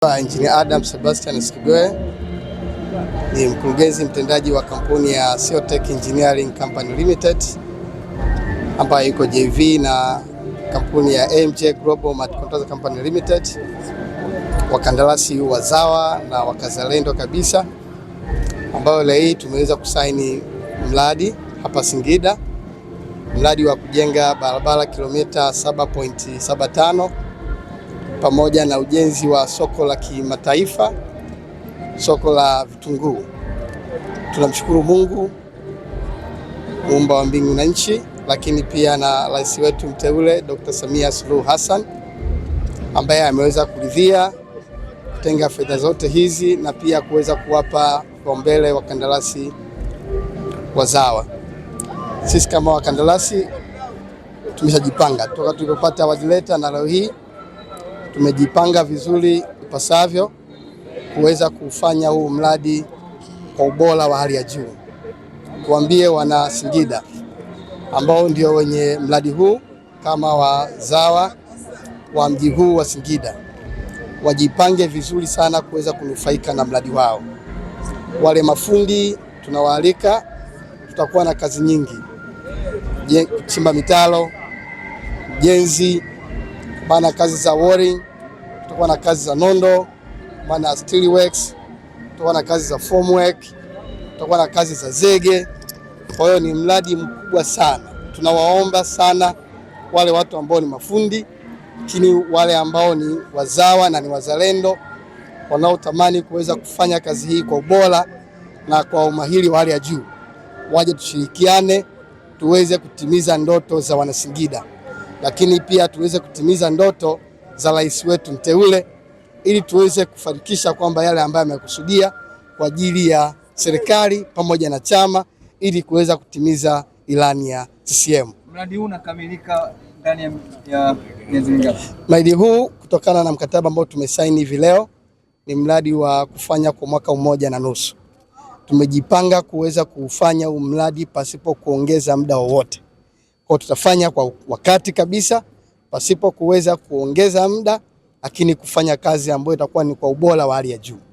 Injinia Adam Sebastian Sikigoe ni mkurugenzi mtendaji wa kampuni ya Siotech Engineering Company Limited ambayo iko JV na kampuni ya AMJ Global Mat Contractor Company Limited, wakandarasi wazawa na wakazalendo kabisa, ambayo leo hii tumeweza kusaini mradi hapa Singida, mradi wa kujenga barabara kilomita 7.75 pamoja na ujenzi wa soko la kimataifa, soko la vitunguu. Tunamshukuru Mungu muumba wa mbingu na nchi, lakini pia na rais wetu mteule Dr. Samia Suluhu Hassan ambaye ameweza kuridhia kutenga fedha zote hizi na pia kuweza kuwapa kipaumbele wakandarasi wazawa. Sisi kama wakandarasi tumeshajipanga toka tulipopata wadileta na leo hii tumejipanga vizuri ipasavyo kuweza kufanya huu mradi kwa ubora wa hali ya juu. Tuambie wana Singida ambao ndio wenye mradi huu kama wazawa wa mji huu wa Singida wajipange vizuri sana kuweza kunufaika na mradi wao. Wale mafundi tunawaalika, tutakuwa na kazi nyingi, kuchimba mitaro, ujenzi bana, kazi za waring, tutakuwa na kazi za nondo, maana steelworks, tutakuwa na kazi za formwork, tutakuwa na kazi za zege. Kwa hiyo ni mradi mkubwa sana. Tunawaomba sana wale watu ambao ni mafundi, lakini wale ambao ni wazawa na ni wazalendo wanaotamani kuweza kufanya kazi hii kwa ubora na kwa umahiri wa hali ya juu, waje tushirikiane, tuweze kutimiza ndoto za Wanasingida, lakini pia tuweze kutimiza ndoto za rais wetu mteule ili tuweze kufanikisha kwamba yale ambayo amekusudia kwa ajili ya serikali pamoja na chama ili kuweza kutimiza ilani ya CCM. Mradi huu unakamilika ndani ya miezi mingapi? Mradi huu kutokana na mkataba ambao tumesaini hivi leo ni mradi wa kufanya kwa mwaka mmoja na nusu. Tumejipanga kuweza kufanya huu mradi pasipo kuongeza muda wowote, kwa tutafanya kwa wakati kabisa pasipo kuweza kuongeza muda, lakini kufanya kazi ambayo itakuwa ni kwa ubora wa hali ya juu.